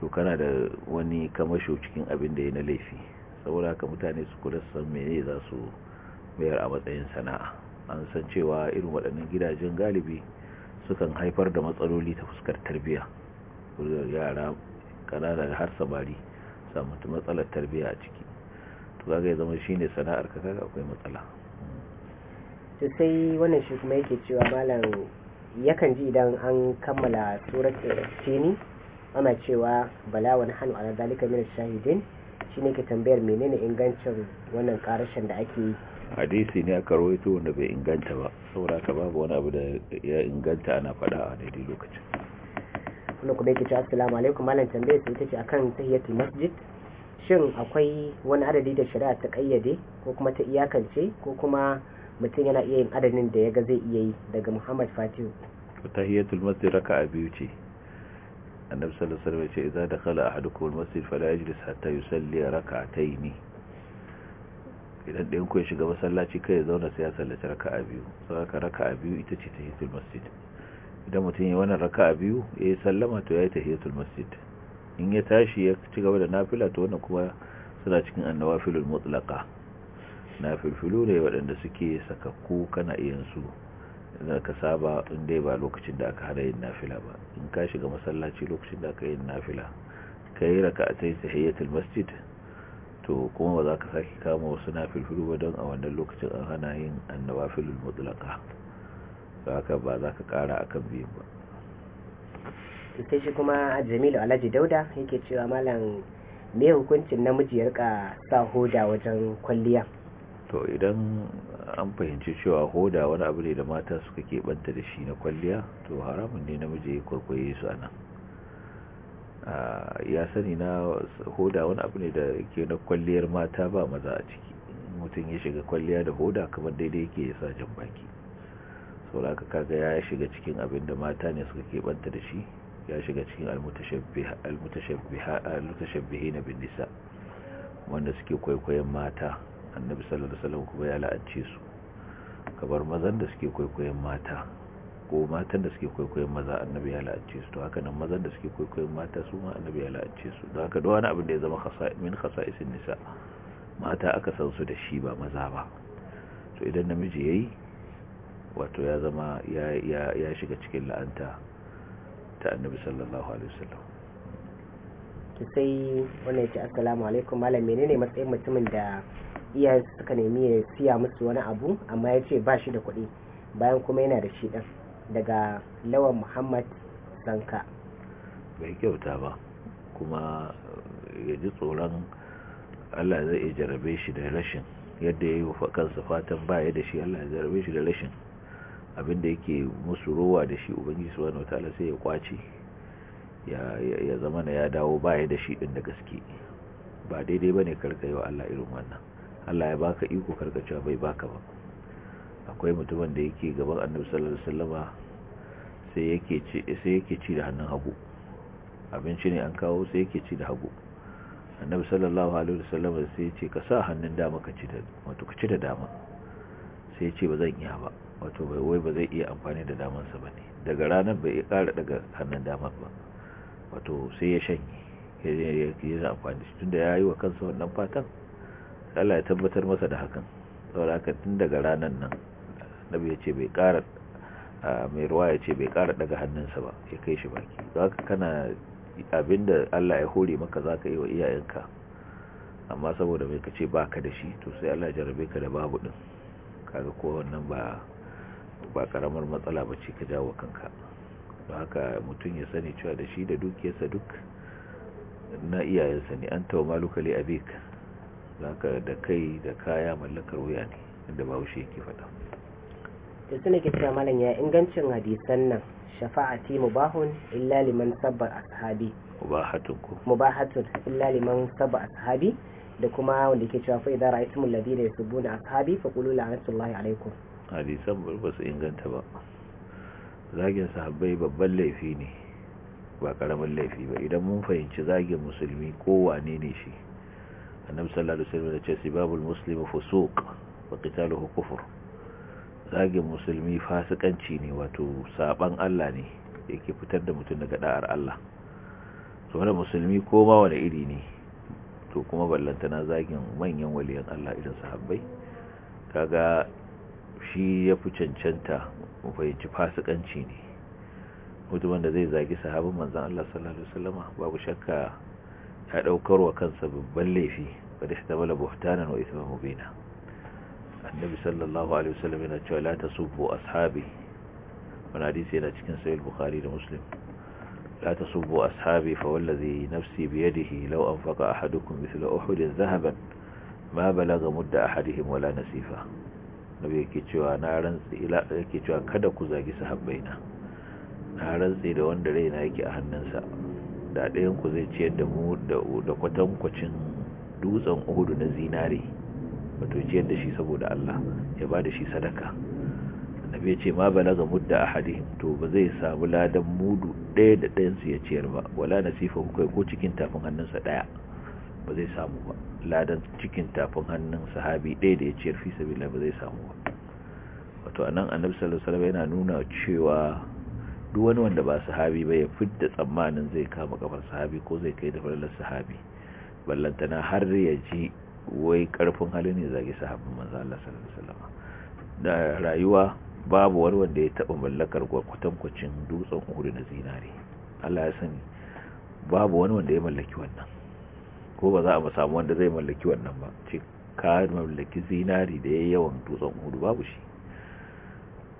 to kana da wani kamasho cikin abin da ya na laifi saboda ka mutane su kula san mene za su mayar a matsayin sana'a an san cewa irin waɗannan gidajen galibi sukan haifar da matsaloli ta fuskar tarbiyya yara kanana har samari ta matsalar tarbiyya a ciki to ga ya zama shine sana'ar ka akwai matsala to sai wannan shi kuma yake cewa malam yakan ji idan an kammala surat eh, tini ana cewa bala wani hannu a zalika mil shahidin shine ke tambayar menene ingancin wannan karashen da ake yi hadisi ne aka rawaito wanda bai inganta ba saboda ka babu wani abu da ya inganta ana faɗa a daidai lokacin wanda kuma yake cewa assalamu alaikum malam tambayar ita ce akan tahiyatul masjid shin akwai wani adadi da shari'a ta kayyade ko kuma ta iyakance ko kuma mutum yana iya yin adadin da ya ga zai iya yi daga muhammad fatihu tahiyatul masjid raka'a biyu ce annabi sallallahu alaihi wasallam ce idza dakhala ahadukum almasjid fala yajlis hatta yusalli rak'atayn idan ɗayan ku ya shiga masallaci kai ya zauna sai ya sallaci raka'a biyu saboda raka'a biyu ita ce tahiyatul masjid idan mutum ya raka a biyu ya yi sallama to ya yi ta tahiyatul masjid in ya tashi ya ci gaba da nafila to wannan kuma suna cikin annawafilul na nafilfilu ne waɗanda suke sakakku kana iyan su da ka saba in dai ba lokacin da aka hada yin nafila ba in ka shiga masallaci lokacin da aka yin nafila ka yi raka a tsayin tahiyatul masjid to kuma ba za ka sake kama wasu nafilfilu ba don a wannan lokacin an hana yin annawafilul mutlaka da haka ba za ka kara kan biyu ba sai shi kuma jamilu alhaji dauda yake cewa malam me hukuncin namiji ya rika sa hoda wajen kwalliya to idan an fahimci cewa hoda wani abu ne da mata suka keɓanta da shi na kwalliya to haramun ne namiji ya kwaikwaye su a nan ya sani na hoda wani abu ne da ke na kwalliyar mata ba maza a ciki mutum ya shiga kwalliya da hoda kamar daidai yake ya sa jan baki sauraka kaga ya shiga cikin abin da mata ne suka keɓanta da shi ya shiga cikin almutashabbihi na bin nisa wanda suke kwaikwayon mata annabi sallallahu alaihi wasallam kuma ya la'ance su kabar mazan da suke kwaikwayon mata ko matan da suke kwaikwayon maza annabi ya la'ance su to haka nan mazan da suke kwaikwayon mata su ma annabi ya la'ance su don haka duk wani abin da ya zama min khasa'isin nisa mata aka san su da shi ba maza ba to idan namiji ya yi. wato ya zama ya shiga cikin la'anta ta annabi sallallahu alaihi wasallam Ki sai wannan yace assalamu alaikum malam menene matsayin mutumin da iyayen suka nemi ya siya musu wani abu amma ya ce ba shi da kuɗi bayan kuma yana da shi ɗan daga lawan muhammad zanka bai kyauta ba kuma ya ji tsoron allah zai iya jarabe shi da rashin yadda ya yi wa kansa fatan baya da shi allah ya jarabe shi da rashin abinda yake musu rowa da shi ubangiji subhanahu wataala sai ya kwace ya zama na ya dawo baya da shi din da gaske ba daidai bane karka yi wa Allah irin wannan Allah ya baka iko karka cewa bai baka ba akwai mutumin da yake gaban Annabi sallallahu alaihi wasallama sai yake ci sai yake ci da hannun hagu abinci ne an kawo sai yake ci da hagu Annabi sallallahu alaihi wasallama sai ya ce ka sa hannun dama ka ci da wato ka ci da dama sai ya ce ba zan iya ba wato bai wai ba zai iya amfani da damansa ba ne daga ranar bai iya ƙara daga hannun damar ba wato sai ya shanye ya yi amfani da shi tun da ya yi wa kansa wannan fatan Allah ya tabbatar masa da hakan saboda haka tun daga ranar nan nabi ya ce bai ƙara mai ruwa ya ce bai kara daga hannunsa ba ya kai shi baki za ka kana abinda Allah ya hore maka za ka yi wa iyayenka amma saboda mai ka ce ba ka da shi to sai Allah ya jarabe ka da babu ɗin kaga ko wannan ba ba karamar matsala ba ce ka jawo kanka ba haka mutum ya sani cewa da shi da dukiyarsa duk na iyayensa ne an tawa maluka li abik haka da kai da kaya mallakar wuya ne inda wushe yake faɗa da suna ke cewa malam ya ingancin hadisan nan shafa'ati mubahun illa liman sabba ashabi mubahatun ko mubahatun illa liman sabba ashabi da kuma wanda ke cewa fa idza ra'aytumul ladina yasubbuna ashabi faqulu la'natullahi alaikum hadisan ba su inganta ba zagin sahabbai babban laifi ne ba karamin laifi ba idan mun fahimci zagin musulmi ko wane ne shi annabi sallallahu alaihi wasallam ya ce sibabul muslimu fusuq wa qitaluhu zagin musulmi fasikanci ne wato saban Allah ne yake fitar da mutum daga da'ar Allah to wanda musulmi ko ma wani iri ne to kuma ballantana zagin manyan waliyan Allah irin sahabbai kaga shi ya fi cancanta mu fahimci fasikanci ne mutumin da zai zagi sahabin manzan Allah sallallahu alaihi wasallama babu shakka ya daukar wa kansa babban laifi kada shi tabala buhtanan wa isma mubina annabi sallallahu alaihi wasallam yana cewa la tasubbu ashabi wannan hadisi yana cikin sahih bukhari da muslim لا تصبوا أصحابي فوالذي نفسي بيده لو أنفق أحدكم مثل أحد ذهبا ما بلغ مد أحدهم wala nasifa. nabi ke cewa na rantsi ila ke cewa kada ku zagi sahabbaina na rantsi da wanda raina yake a hannunsa da ɗayan ku zai ciyar da mu da kwatankwacin dutsen uhudu na zinare wato ciyar da shi saboda Allah ya ba da shi sadaka annabi ya ce ma balaga mudda ahadi to ba zai samu ladan mudu ɗaya da ɗayan su ya ciyar ba wala nasifa kai ko cikin tafin hannunsa ɗaya ba zai samu ba ladan cikin tafin hannun sahabi ɗaya da ya ciyar fi sabila ba zai samu ba wato anan annabi sallallahu yana nuna cewa duk wani wanda ba sahabi ba ya fidda tsammanin zai kama kafar sahabi ko zai kai da farallar sahabi ballantana har ya ji wai karfin hali ne zage sahabin manzo Allah sallallahu da rayuwa babu wani wanda ya taba mallakar gwarkwatan kwacin dutsen uhud na zinare Allah ya sani babu wani wanda ya mallaki wannan ko ba za a samu wanda zai mallaki wannan ba ce ka mallaki zinari da ya yawan dutsen hudu babu shi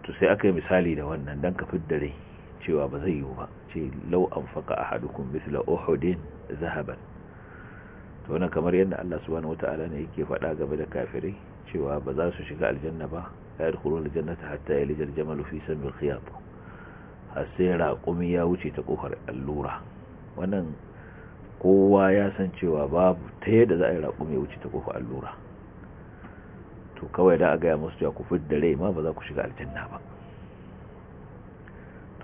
to sai aka yi misali da wannan dan ka da rai cewa ba zai yiwu ba ce lau an faka a hadukun misla ohudin zahaban to wannan kamar yadda Allah subhanahu wata'ala ne yake faɗa game da kafirai cewa ba za su shiga aljanna ba ya yi kurun aljannata hatta ya lijar jamalu fi samin khiyab har sai ya wuce ta ƙofar allura wannan kowa ya san cewa babu ta yadda za a yi raƙumi wuce ta kofa allura to kawai da a gaya musu cewa ku fidda rai ma ba za ku shiga aljanna ba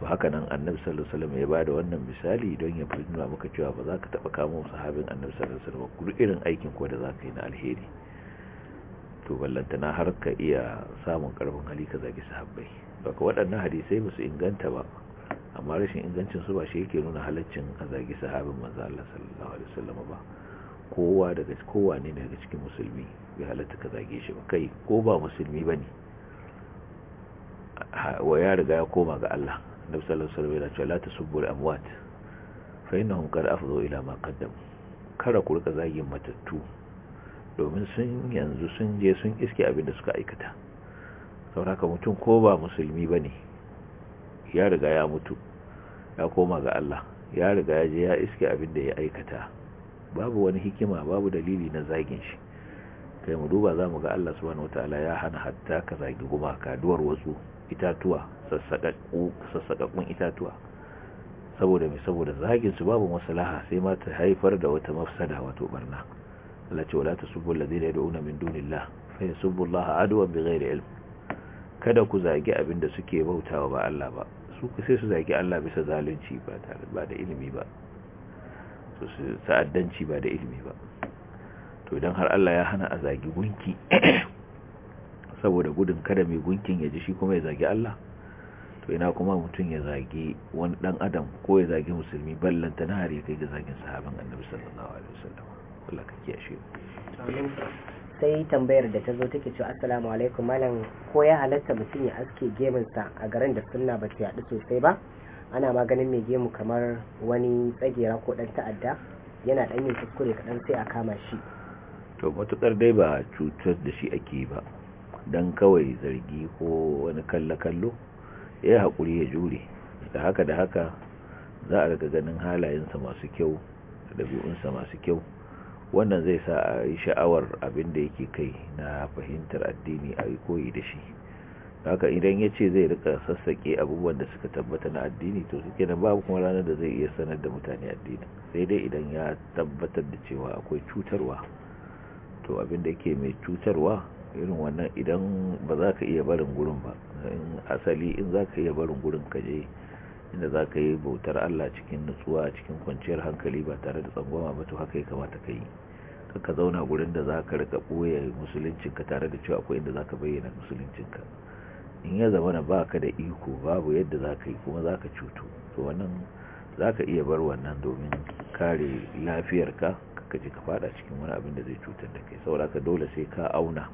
to haka nan annabi sallallahu alaihi wasallam ya bada wannan misali don ya nuna maka cewa ba za ka taba kamo sahabin annabi sallallahu alaihi wasallam kuma irin aikin ko da za ka yi na alheri to ballanta na har ka iya samun karfin hali ka zagi sahabbai baka waɗannan hadisai ba su inganta ba amma rashin ingancin su ba shi yake nuna halaccin a zagi sahabin manzo Allah sallallahu alaihi wasallam ba kowa daga kowa ne daga cikin musulmi bai halatta ka zage shi ba kai ko ba musulmi bane wa ya riga ya koma ga Allah annabi sallallahu alaihi wasallam yana ce la tasubbu al-amwat fa innahum qad afdhu ila ma qaddam kada ku rika zage matattu domin sun yanzu sun je sun iske abin da suka aikata sauraka mutum ko ba musulmi bane ya riga ya mutu ya koma ga Allah ya riga ya je ya iske abin da ya aikata babu wani hikima babu dalili na zagin shi kai mu duba zamu ga Allah subhanahu wataala ya hana hatta ka zagi ka duwar wasu itatuwa sassaƙaƙƙun itatuwa saboda mai saboda zagin su babu maslaha sai ma ta haifar da wata mafsada wato barna Allah ce wala tasubbu alladhina yad'una min dunillahi fa yasubbu Allah adwan bighairi ilm kada ku zagi abin da suke bautawa ba Allah ba su sai su zagi Allah bisa zalunci ba tare ba da ilimi ba su ta'addanci ba da ilimi ba to idan har Allah ya hana a zagi gunki [coughs] saboda gudun kada mai gunkin ya ji shi kuma ya zagi Allah to ina kuma mutum ya zagi wani dan adam ko ya zagi musulmi ballanta na hari kai ga zagin sahaban annabi sallallahu alaihi wasallam Allah ka kiyashe amin sai tambayar da ta zo take cewa assalamu alaikum malam ko ya halatta mutum ya aske gemunsa a garin da sunna ba ta yaɗu sosai ba ana maganin mai gemu kamar wani tsagera ko ɗan ta'adda yana ɗan yin kuskure kaɗan sai a kama shi to matuƙar dai ba cutar da shi ake ba dan kawai zargi ko wani kalla kallo ya haƙuri ya jure da haka da haka za a daga ganin halayensa masu kyau da ɗabi'unsa masu kyau wannan zai sa a yi sha'awar abin da yake kai na fahimtar addini a yi koyi da shi haka idan ya ce zai rika sassaƙe abubuwan da suka tabbata na addini to suke kenan babu kuma ranar da zai iya sanar da mutane addini sai dai idan ya tabbatar da cewa akwai cutarwa to abin da yake mai cutarwa irin wannan idan ba za ka iya barin gurin ba in asali in za ka iya barin gurin ka je inda za ka yi bautar Allah cikin nutsuwa cikin kwanciyar hankali ba tare da tsangwama ba to haka ya kamata ka yi ka zauna gurin da za ka rika ɓoye musuluncinka tare da cewa akwai inda za ka bayyana musuluncinka in ya zama na ba ka da iko babu yadda za ka yi kuma za ka cutu to wannan za ka iya bar wannan domin kare lafiyarka ka ji ka fada cikin wani abin da zai cutar da kai saboda ka dole sai ka auna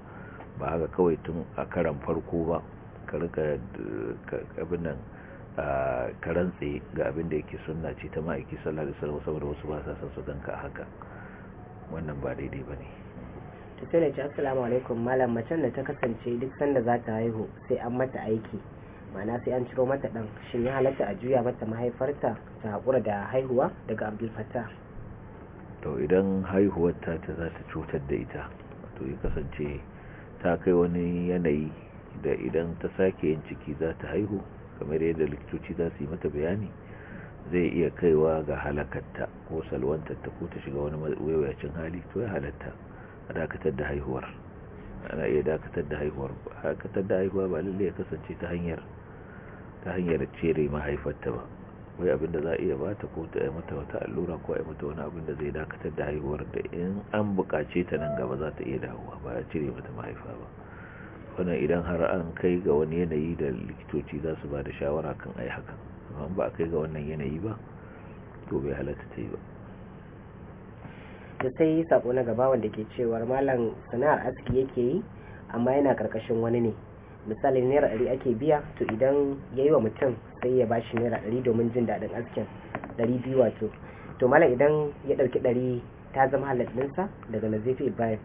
ba haka kawai tun a karan farko ba ka rika abin nan ka rantse ga abin da yake sunna ce ta ma'aiki sallallahu alaihi saboda wasu ba sa su ganka haka wannan ba daidai bane to sai da ce assalamu alaikum malam macen da ta kasance duk sanda za ta haihu sai an mata aiki mana sai an ciro mata ɗan shin ya halatta a juya mata mahaifarta ta hakura da haihuwa daga abdul fattah to idan haihuwar ta ta za ta cutar da ita to ya kasance ta kai wani yanayi da idan ta sake yin ciki za ta haihu kamar yadda likitoci za su yi mata bayani zai iya kaiwa ga halakarta ko salwantarta ko ta shiga wani wayoyacin hali to ya halatta a dakatar da haihuwar ana iya dakatar da haihuwar dakatar da haihuwa ba lalle ya kasance ta hanyar ta hanyar cire mahaifarta ba wai abinda za a iya ta ko ta mata wata allura ko a mata wani abin da zai dakatar da haihuwar da in an bukace ta nan gaba za ta iya dawowa ba a cire mata mahaifa ba wannan idan har an kai ga wani yanayi da likitoci za su ba da shawara kan ai haka amma ba a kai ga wannan yanayi ba to bai halatta ta yi ba da sai sako na gaba wanda ke cewar malam sana'ar aski yake yi amma yana karkashin wani ne misali naira ɗari ake biya to idan ya yi wa mutum sai ya bashi naira ɗari domin jin daɗin askin ɗari biyu wato to malam idan ya ɗauki ɗari ta zama halittinsa daga nazifi ibrahim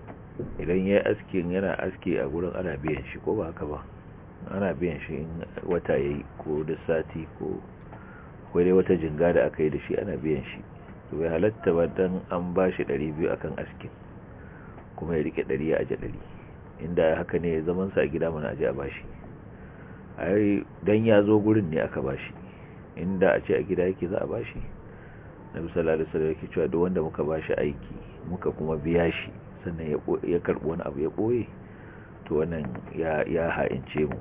idan ya askin yana aski a gurin ana biyan shi ko ba haka ba ana biyan shi in wata ya yi ko da sati ko akwai dai wata jinga da aka yi da shi ana biyan shi to bai halatta ba dan an ba shi 200 akan askin kuma ya rike 100 ya aje 100 inda haka ne zaman sa a gida mana aje a bashi ai dan ya zo gurin ne aka bashi inda a ce a gida yake za a bashi na bisa lalisa da yake cewa duk wanda muka ba shi aiki muka kuma biya shi sannan ya karɓi wani abu ya boye to wannan ya ha'ince mu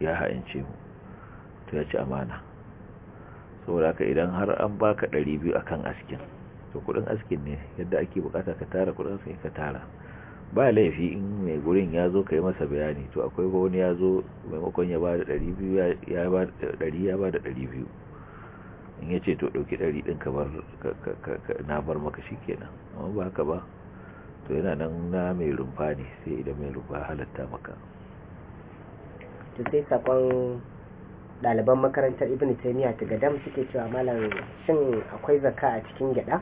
ya ha'ince mu to ya ci amana saboda ka idan har an baka 200 akan askin to kudin askin ne yadda ake bukata ka tara kudin sai ka tara ba laifi in mai gurin ya zo ka yi masa bayani to akwai ba wani ya zo maimakon ya ba da 200 ya ba da 100 ya ba da 200 in ya ce to ɗauki dari ɗin ka bar na bar maka shi kenan amma ba haka ba to yana nan na mai rumfa ne sai idan mai rumfa halatta maka to sai sakon ɗaliban makarantar ibn taimiyya ta gadam suke cewa malam shin akwai zaka a cikin gyada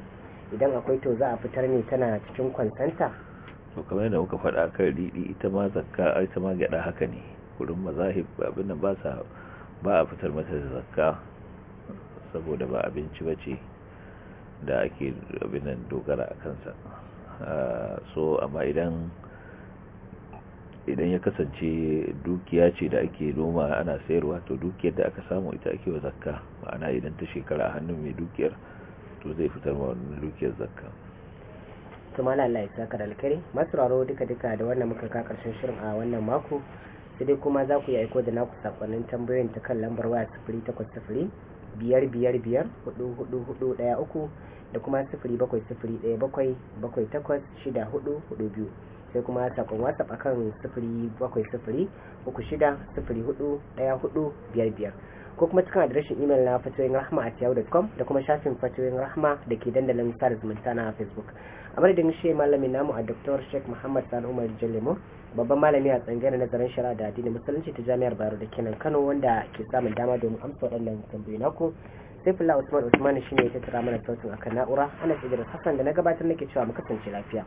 idan akwai to za a fitar ne tana cikin kwansanta to kamar yadda muka faɗa kan riɗi ita ma zakka ita ma gyada haka ne kurin mazahib abin nan ba sa ba a fitar mata da zakka saboda ba abinci ba ce da ake abin nan dogara a kansa so amma idan idan ya kasance dukiya ce da ake noma ana sayarwa to dukiyar da aka samu ita ake wa zakka ma'ana idan ta shekara a hannun mai dukiyar to zai fitar ma wannan dukiyar zakka kuma Allah ya saka da alkari masu duka duka da wannan muka ka karshen shirin a wannan mako sai dai kuma za ku yi aiko da naku sakonnin tambayoyin ta kan lambar waya sifiri takwas sifiri biyar biyar biyar hudu hudu hudu daya uku da kuma 0707778442 sai kuma sakon whatsapp akan 0703604145 ko kuma cikin adireshin imel na fatoyin rahma a tiyau.com da kuma shafin fatoyin rahma da ke dandalin sada zumunta na facebook a madadin shi malami namu a dr sheikh muhammad sani umar jalemo babban malami a tsangayar nazarin shari'a da addinin musulunci ta jami'ar bayero da kenan kano wanda ke samun dama domin amsa waɗannan tambayi naku Saifullah Usman Usman shine ya tattara mana sautin akan na'ura ana da Hassan da na gabatar nake cewa mu kasance lafiya